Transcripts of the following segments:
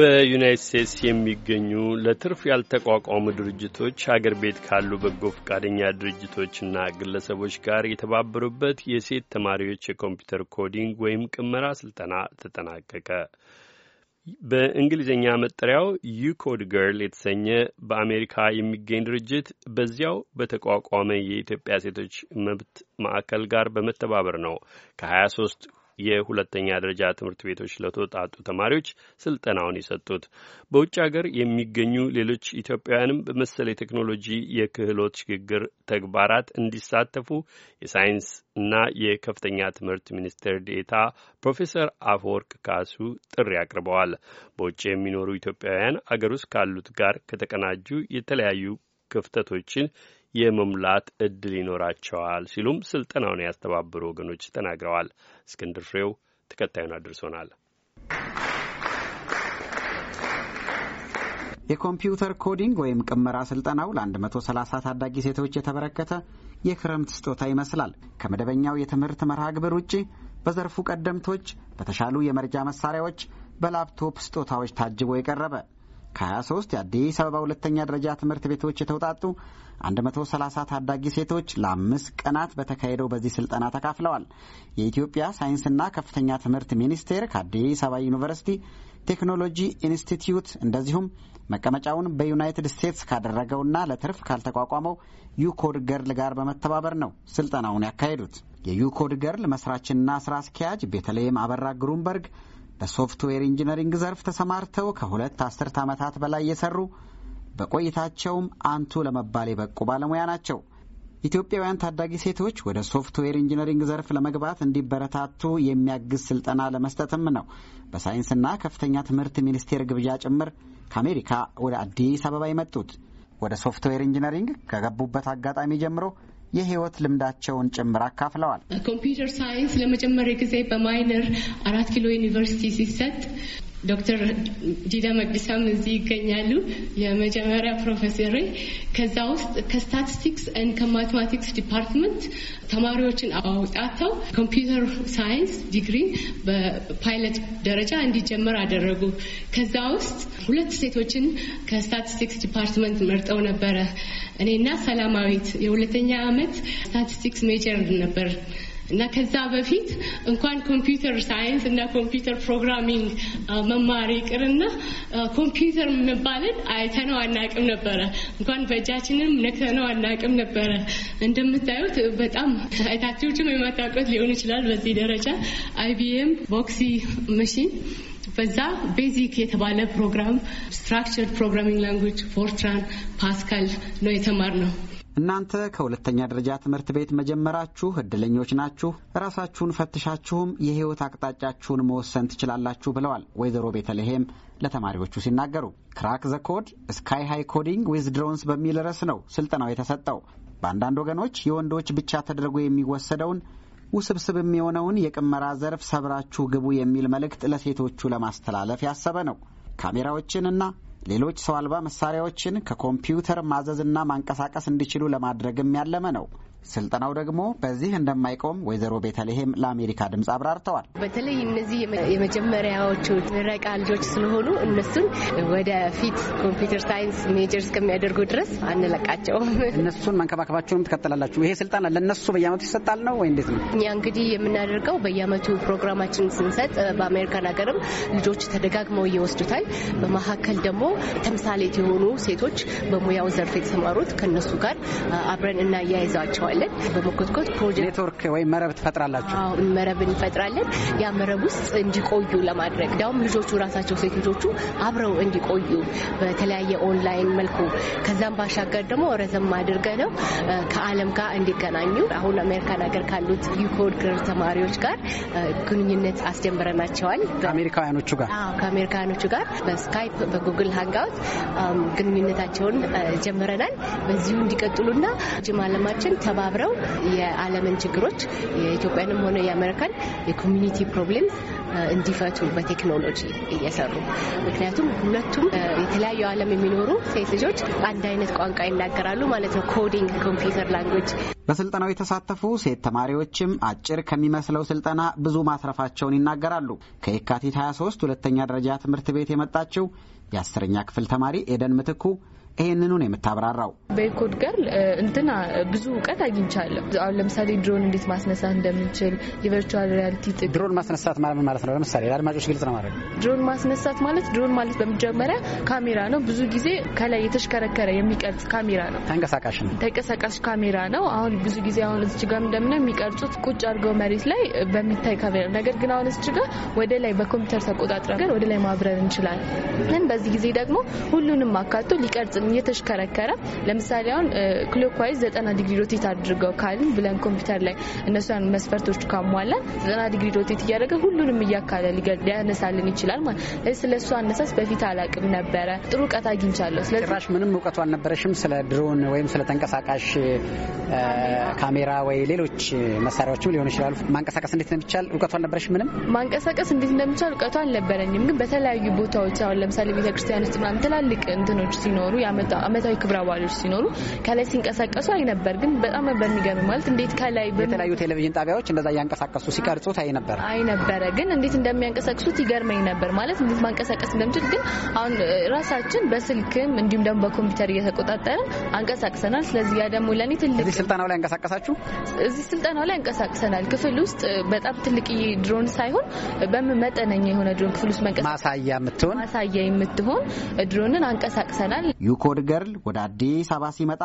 በዩናይት ስቴትስ የሚገኙ ለትርፍ ያልተቋቋሙ ድርጅቶች ሀገር ቤት ካሉ በጎ ፈቃደኛ ድርጅቶችና ግለሰቦች ጋር የተባበሩበት የሴት ተማሪዎች የኮምፒውተር ኮዲንግ ወይም ቅመራ ስልጠና ተጠናቀቀ። በእንግሊዝኛ መጠሪያው ዩኮድ ገርል የተሰኘ በአሜሪካ የሚገኝ ድርጅት በዚያው በተቋቋመ የኢትዮጵያ ሴቶች መብት ማዕከል ጋር በመተባበር ነው ከ23 የሁለተኛ ደረጃ ትምህርት ቤቶች ለተወጣጡ ተማሪዎች ስልጠናውን የሰጡት። በውጭ ሀገር የሚገኙ ሌሎች ኢትዮጵያውያንም በመሰል የቴክኖሎጂ የክህሎት ሽግግር ተግባራት እንዲሳተፉ የሳይንስ እና የከፍተኛ ትምህርት ሚኒስቴር ዴታ ፕሮፌሰር አፈወርቅ ካሱ ጥሪ አቅርበዋል። በውጭ የሚኖሩ ኢትዮጵያውያን አገር ውስጥ ካሉት ጋር ከተቀናጁ የተለያዩ ክፍተቶችን የመሙላት እድል ይኖራቸዋል ሲሉም ስልጠናውን ያስተባበሩ ወገኖች ተናግረዋል። እስክንድር ፍሬው ተከታዩን አድርሶናል። የኮምፒውተር ኮዲንግ ወይም ቅመራ ስልጠናው ለ130 ታዳጊ ሴቶች የተበረከተ የክረምት ስጦታ ይመስላል። ከመደበኛው የትምህርት መርሃ ግብር ውጪ በዘርፉ ቀደምቶች በተሻሉ የመርጃ መሳሪያዎች በላፕቶፕ ስጦታዎች ታጅቦ የቀረበ ከ23 የአዲስ አበባ ሁለተኛ ደረጃ ትምህርት ቤቶች የተውጣጡ 130 ታዳጊ ሴቶች ለአምስት ቀናት በተካሄደው በዚህ ስልጠና ተካፍለዋል። የኢትዮጵያ ሳይንስና ከፍተኛ ትምህርት ሚኒስቴር ከአዲስ አበባ ዩኒቨርሲቲ ቴክኖሎጂ ኢንስቲትዩት እንደዚሁም መቀመጫውን በዩናይትድ ስቴትስ ካደረገውና ለትርፍ ካልተቋቋመው ዩኮድ ገርል ጋር በመተባበር ነው ስልጠናውን ያካሄዱት። የዩኮድ ገርል መስራችና ስራ አስኪያጅ ቤተልሔም አበራ ግሩምበርግ በሶፍትዌር ኢንጂነሪንግ ዘርፍ ተሰማርተው ከሁለት አስርት ዓመታት በላይ የሰሩ በቆይታቸውም አንቱ ለመባል የበቁ ባለሙያ ናቸው። ኢትዮጵያውያን ታዳጊ ሴቶች ወደ ሶፍትዌር ኢንጂነሪንግ ዘርፍ ለመግባት እንዲበረታቱ የሚያግዝ ስልጠና ለመስጠትም ነው በሳይንስና ከፍተኛ ትምህርት ሚኒስቴር ግብዣ ጭምር ከአሜሪካ ወደ አዲስ አበባ የመጡት። ወደ ሶፍትዌር ኢንጂነሪንግ ከገቡበት አጋጣሚ ጀምሮ የህይወት ልምዳቸውን ጭምር አካፍለዋል። ኮምፒውተር ሳይንስ ለመጀመሪያ ጊዜ በማይነር አራት ኪሎ ዩኒቨርሲቲ ሲሰጥ ዶክተር ዲዳ መቅዲሳም እዚህ ይገኛሉ። የመጀመሪያ ፕሮፌሰር ከዛ ውስጥ ከስታቲስቲክስ ኤንድ ከማቴማቲክስ ዲፓርትመንት ተማሪዎችን አውጣተው ኮምፒውተር ሳይንስ ዲግሪ በፓይለት ደረጃ እንዲጀመር አደረጉ። ከዛ ውስጥ ሁለት ሴቶችን ከስታቲስቲክስ ዲፓርትመንት መርጠው ነበረ። እኔና ሰላማዊት የሁለተኛ ዓመት ስታቲስቲክስ ሜጀር ነበር። እና ከዛ በፊት እንኳን ኮምፒውተር ሳይንስ እና ኮምፒውተር ፕሮግራሚንግ መማር ይቅርና ኮምፒውተር መባልን አይተነው አናቅም ነበረ። እንኳን በእጃችንም ነክተነው አናቅም ነበረ። እንደምታዩት በጣም አይታችሁችም የማታውቁት ሊሆን ይችላል። በዚህ ደረጃ አይቢኤም ቦክሲ መሽን በዛ ቤዚክ የተባለ ፕሮግራም ስትራክቸር ፕሮግራሚንግ ላንጉጅ ፎርትራን ፓስካል ነው የተማር ነው። እናንተ ከሁለተኛ ደረጃ ትምህርት ቤት መጀመራችሁ እድለኞች ናችሁ፣ ራሳችሁን ፈትሻችሁም የህይወት አቅጣጫችሁን መወሰን ትችላላችሁ ብለዋል ወይዘሮ ቤተልሔም ለተማሪዎቹ ሲናገሩ። ክራክ ዘ ኮድ ስካይ ሃይ ኮዲንግ ዊዝ ድሮንስ በሚል ርዕስ ነው ስልጠናው የተሰጠው። በአንዳንድ ወገኖች የወንዶች ብቻ ተደርጎ የሚወሰደውን ውስብስብም የሆነውን የቅመራ ዘርፍ ሰብራችሁ ግቡ የሚል መልእክት ለሴቶቹ ለማስተላለፍ ያሰበ ነው። ካሜራዎችንና ሌሎች ሰው አልባ መሳሪያዎችን ከኮምፒውተር ማዘዝና ማንቀሳቀስ እንዲችሉ ለማድረግም ያለመ ነው። ስልጠናው ደግሞ በዚህ እንደማይቆም ወይዘሮ ቤተልሔም ለአሜሪካ ድምፅ አብራርተዋል። በተለይ እነዚህ የመጀመሪያዎቹ ምረቃ ልጆች ስለሆኑ እነሱን ወደፊት ኮምፒውተር ሳይንስ ሜጀር እስከሚያደርጉ ድረስ አንለቃቸውም። እነሱን መንከባከባቸውንም ትቀጥላላችሁ። ይሄ ስልጠና ለእነሱ በየአመቱ ይሰጣል ነው ወይ እንዴት ነው? እኛ እንግዲህ የምናደርገው በየአመቱ ፕሮግራማችን ስንሰጥ በአሜሪካን ሀገርም ልጆች ተደጋግመው ይወስዱታል። በመካከል ደግሞ ተምሳሌት የሆኑ ሴቶች በሙያው ዘርፍ የተሰማሩት ከነሱ ጋር አብረን እናያይዛቸዋል። እናደርገዋለን። በመኮትኮት ፕሮጀክት ኔትወርክ ወይም መረብ ትፈጥራላችሁ? መረብ እንፈጥራለን። ያ መረብ ውስጥ እንዲቆዩ ለማድረግ እንዲያውም ልጆቹ ራሳቸው ሴት ልጆቹ አብረው እንዲቆዩ በተለያየ ኦንላይን መልኩ ከዛም ባሻገር ደግሞ ረዘም አድርገ ነው ከዓለም ጋር እንዲገናኙ አሁን አሜሪካን ሀገር ካሉት ዩኮድ ግር ተማሪዎች ጋር ግንኙነት አስጀምረናቸዋል። ከአሜሪካውያኖቹ ጋር ከአሜሪካውያኖቹ ጋር በስካይፕ በጉግል ሃንጋውት ግንኙነታቸውን ጀምረናል። በዚሁ እንዲቀጥሉና ጅም አለማችን ተባ ተባብረው የዓለምን ችግሮች የኢትዮጵያንም ሆነ የአሜሪካን የኮሚኒቲ ፕሮብሌም እንዲፈቱ በቴክኖሎጂ እየሰሩ ምክንያቱም ሁለቱም የተለያዩ ዓለም የሚኖሩ ሴት ልጆች አንድ አይነት ቋንቋ ይናገራሉ ማለት ነው። ኮዲንግ ኮምፒውተር ላንጉጅ። በስልጠናው የተሳተፉ ሴት ተማሪዎችም አጭር ከሚመስለው ስልጠና ብዙ ማትረፋቸውን ይናገራሉ። ከየካቲት 23 ሁለተኛ ደረጃ ትምህርት ቤት የመጣችው የአስረኛ ክፍል ተማሪ ኤደን ምትኩ ይህንኑ ነው የምታብራራው። በኢኮድ ጋር እንትና ብዙ እውቀት አግኝቻለሁ። አሁን ለምሳሌ ድሮን እንዴት ማስነሳት እንደምንችል የቨርቹዋል ሪያሊቲ ጥቅም። ድሮን ማስነሳት ማለት ማለት ነው። ለምሳሌ ለአድማጮች ግልጽ ነው ማድረግ ድሮን ማስነሳት ማለት ድሮን ማለት በመጀመሪያ ካሜራ ነው። ብዙ ጊዜ ከላይ የተሽከረከረ የሚቀርጽ ካሜራ ነው። ተንቀሳቃሽ ነው። ተንቀሳቃሽ ካሜራ ነው። አሁን ብዙ ጊዜ አሁን እዚች ጋር እንደምናየው የሚቀርጹት ቁጭ አድርገው መሬት ላይ በሚታይ ካሜራ ነገር ግን አሁን እዚች ጋር ወደ ላይ በኮምፒውተር ተቆጣጥረን ወደ ላይ ማብረር እንችላለን። በዚህ ጊዜ ደግሞ ሁሉንም አካቶ ሊቀርጽ እየተሽከረከረ ለምሳሌ አሁን ክሎክዋይዝ 90 ዲግሪ ሮቴት አድርገው ካልን ብለን ኮምፒውተር ላይ እነሱን መስፈርቶች ካሟላን 90 ዲግሪ ሮቴት እያደረገ ሁሉንም እያካለ ሊያነሳልን ይችላል ማለት ስለ እሱ አነሳስ በፊት አላቅም ነበረ። ጥሩ እውቀት አግኝቻለሁ። ጭራሽ ምንም እውቀቱ አልነበረሽም ስለ ድሮን ወይም ስለ ተንቀሳቃሽ ካሜራ ወይ ሌሎች መሳሪያዎችም ሊሆኑ ይችላሉ። ማንቀሳቀስ እንዴት እንደሚቻል እውቀቱ አልነበረሽም? ምንም ማንቀሳቀስ እንዴት እንደሚቻል እውቀቱ አልነበረኝም። ግን በተለያዩ ቦታዎች አሁን ለምሳሌ ቤተክርስቲያን ውስጥ ምናምን ትላልቅ እንትኖች ሲኖሩ አመታዊ ክብረ በዓሎች ሲኖሩ ከላይ ሲንቀሳቀሱ አይ ነበር። ግን በጣም በሚገርም ማለት እንዴት ከላይ የተለያዩ ቴሌቪዥን ጣቢያዎች እንደዛ እያንቀሳቀሱ ሲቀርጹት አይ ነበር አይ ነበረ። ግን እንዴት እንደሚያንቀሳቅሱት ይገርመኝ ነበር ማለት እንዴት ማንቀሳቀስ እንደምችል። ግን አሁን ራሳችን በስልክም እንዲሁም ደግሞ በኮምፒውተር እየተቆጣጠርን አንቀሳቅሰናል። ስለዚህ ያ ደግሞ ለእኔ ትልቅ እዚህ ስልጠናው ላይ አንቀሳቀሳችሁ እዚህ ስልጠናው ላይ አንቀሳቅሰናል። ክፍል ውስጥ በጣም ትልቅ ድሮን ሳይሆን በመጠነኛ የሆነ ድሮን ክፍል ውስጥ መንቀሳቀስ ማሳያ የምትሆን ማሳያ የምትሆን ድሮንን አንቀሳቅሰናል። ኮድ ገርል ወደ አዲስ አበባ ሲመጣ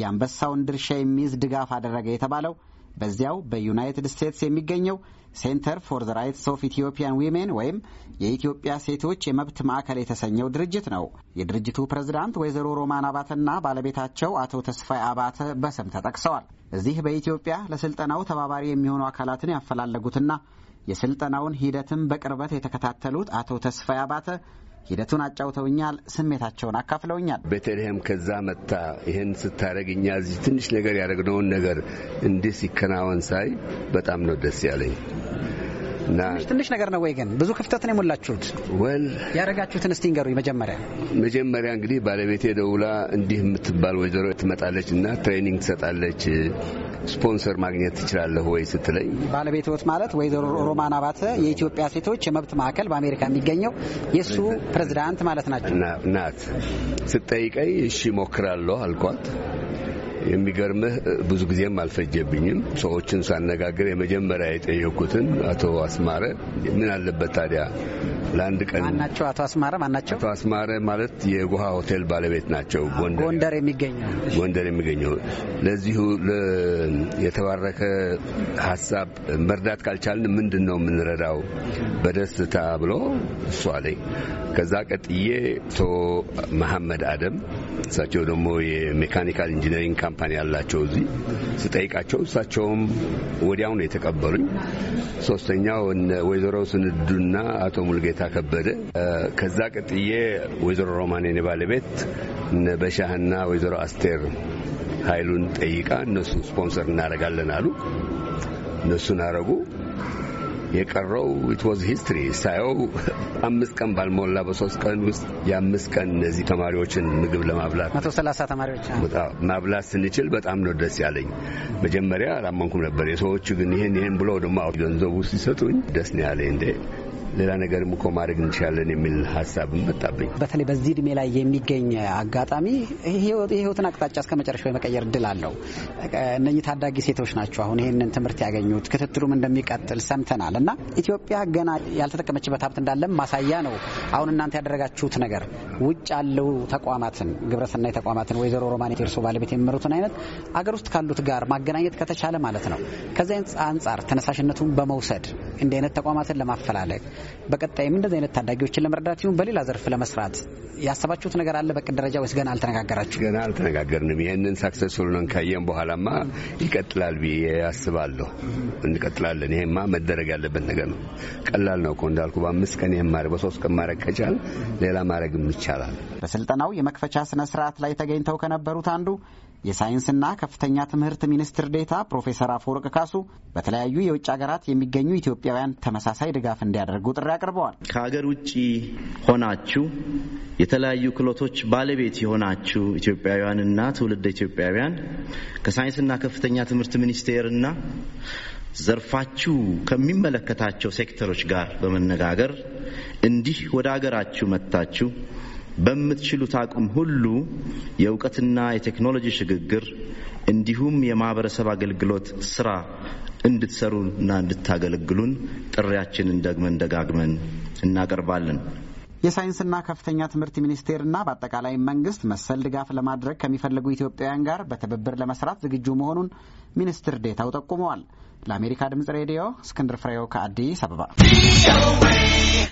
የአንበሳውን ድርሻ የሚይዝ ድጋፍ አደረገ የተባለው በዚያው በዩናይትድ ስቴትስ የሚገኘው ሴንተር ፎር ዘ ራይትስ ኦፍ ኢትዮጵያን ዊሜን ወይም የኢትዮጵያ ሴቶች የመብት ማዕከል የተሰኘው ድርጅት ነው። የድርጅቱ ፕሬዝዳንት ወይዘሮ ሮማን አባተና ባለቤታቸው አቶ ተስፋይ አባተ በስም ተጠቅሰዋል። እዚህ በኢትዮጵያ ለስልጠናው ተባባሪ የሚሆኑ አካላትን ያፈላለጉትና የስልጠናውን ሂደትም በቅርበት የተከታተሉት አቶ ተስፋይ አባተ ሂደቱን አጫውተውኛል። ስሜታቸውን አካፍለውኛል። በተለይም ከዛ መታ ይህን ስታደረግኛ እዚህ ትንሽ ነገር ያደረግነውን ነገር እንዲህ ሲከናወን ሳይ በጣም ነው ደስ ያለኝ። ትንሽ ነገር ነው ወይ ግን ብዙ ክፍተትን የሞላችሁት ወል ያደረጋችሁትን እስቲ ንገሩኝ። መጀመሪያ መጀመሪያ እንግዲህ ባለቤቴ ደውላ እንዲህ የምትባል ወይዘሮ ትመጣለች እና ትሬኒንግ ትሰጣለች ስፖንሰር ማግኘት ትችላለህ ወይ ስትለኝ ባለቤቶት ማለት ወይዘሮ ሮማን አባተ የኢትዮጵያ ሴቶች የመብት ማዕከል በአሜሪካ የሚገኘው የእሱ ፕሬዚዳንት ማለት ናቸው ናት ስጠይቀኝ እሺ ሞክራለሁ አልኳት። የሚገርምህ ብዙ ጊዜም አልፈጀብኝም። ሰዎችን ሳነጋግር የመጀመሪያ የጠየኩትን አቶ አስማረ ምን አለበት ታዲያ ለአንድ ቀን ናቸው። አቶ አስማረ ናቸው? አቶ አስማረ ማለት የጉሃ ሆቴል ባለቤት ናቸው። ጎንደር የሚገኘው ጎንደር የሚገኘው ለዚሁ የተባረከ ሀሳብ መርዳት ካልቻልን ምንድን ነው የምንረዳው? በደስታ ብሎ እሷ ከዛ ቀጥዬ አቶ መሐመድ አደም እሳቸው ደግሞ የሜካኒካል ኢንጂነሪንግ ካምፓኒ ያላቸው እዚህ ስጠይቃቸው እሳቸውም ነው የተቀበሉኝ። ሶስተኛው ወይዘሮ ስንዱና አቶ ሙልጌ ሁኔታ ከበደ፣ ከዛ ቀጥዬ ወይዘሮ ሮማን የኔ ባለቤት ነበሻህና ወይዘሮ አስቴር ኃይሉን ጠይቃ እነሱ ስፖንሰር እናደርጋለን አሉ። እነሱን አረጉ። የቀረው ኢት ዋዝ ሂስትሪ ሳየው አምስት ቀን ባልሞላ በሶስት ቀን ውስጥ የአምስት ቀን እነዚህ ተማሪዎችን ምግብ ለማብላት መቶ ሰላሳ ተማሪዎች ማብላት ስንችል በጣም ነው ደስ ያለኝ። መጀመሪያ አላመንኩም ነበር። የሰዎቹ ግን ይህን ይህን ብሎ ደሞ ገንዘቡ ሲሰጡኝ ደስ ነው ያለኝ እንዴ ሌላ ነገር እኮ ማድረግ እንችላለን የሚል ሀሳብ መጣብኝ። በተለይ በዚህ እድሜ ላይ የሚገኝ አጋጣሚ የህይወትን አቅጣጫ እስከ መጨረሻው የመቀየር እድል አለው። እነኚህ ታዳጊ ሴቶች ናቸው አሁን ይህንን ትምህርት ያገኙት። ክትትሉም እንደሚቀጥል ሰምተናል እና ኢትዮጵያ ገና ያልተጠቀመችበት ሀብት እንዳለም ማሳያ ነው። አሁን እናንተ ያደረጋችሁት ነገር ውጭ ያለው ተቋማትን ግብረሰናይ ተቋማትን ወይዘሮ ሮማን የእርሶ ባለቤት የሚመሩትን አይነት አገር ውስጥ ካሉት ጋር ማገናኘት ከተቻለ ማለት ነው። ከዚህ አንጻር ተነሳሽነቱን በመውሰድ እንዲህ አይነት ተቋማትን ለማፈላለግ በቀጣይም እንደዚህ አይነት ታዳጊዎችን ለመርዳት ይሁን በሌላ ዘርፍ ለመስራት ያሰባችሁት ነገር አለ በቅድ ደረጃ ወይስ ገና አልተነጋገራችሁ? ገና አልተነጋገርንም። ይህንን ሳክሰስፉል ነን ካየን በኋላማ ይቀጥላል ብዬ ያስባለሁ። እንቀጥላለን። ይሄማ መደረግ ያለበት ነገር ነው። ቀላል ነው እኮ እንዳልኩ፣ በአምስት ቀን ይህም ማድረግ በሶስት ቀን ማድረግ ከቻል ሌላ ማድረግም ይቻላል። በስልጠናው የመክፈቻ ስነ ስርዓት ላይ ተገኝተው ከነበሩት አንዱ የሳይንስና ከፍተኛ ትምህርት ሚኒስትር ዴታ ፕሮፌሰር አፈወርቅ ካሱ በተለያዩ የውጭ ሀገራት የሚገኙ ኢትዮጵያውያን ተመሳሳይ ድጋፍ እንዲያደርጉ ጥሪ አቅርበዋል። ከሀገር ውጭ ሆናችሁ የተለያዩ ክህሎቶች ባለቤት የሆናችሁ ኢትዮጵያውያንና ትውልደ ኢትዮጵያውያን ከሳይንስና ከፍተኛ ትምህርት ሚኒስቴርና ዘርፋችሁ ከሚመለከታቸው ሴክተሮች ጋር በመነጋገር እንዲህ ወደ ሀገራችሁ መጥታችሁ በምትችሉት አቅም ሁሉ የእውቀትና የቴክኖሎጂ ሽግግር እንዲሁም የማህበረሰብ አገልግሎት ስራ እንድትሰሩና እንድታገለግሉን ጥሪያችንን ደግመን ደጋግመን እናቀርባለን። የሳይንስና ከፍተኛ ትምህርት ሚኒስቴርና በአጠቃላይ መንግስት መሰል ድጋፍ ለማድረግ ከሚፈልጉ ኢትዮጵያውያን ጋር በትብብር ለመስራት ዝግጁ መሆኑን ሚኒስትር ዴታው ጠቁመዋል። ለአሜሪካ ድምጽ ሬዲዮ እስክንድር ፍሬው ከአዲስ አበባ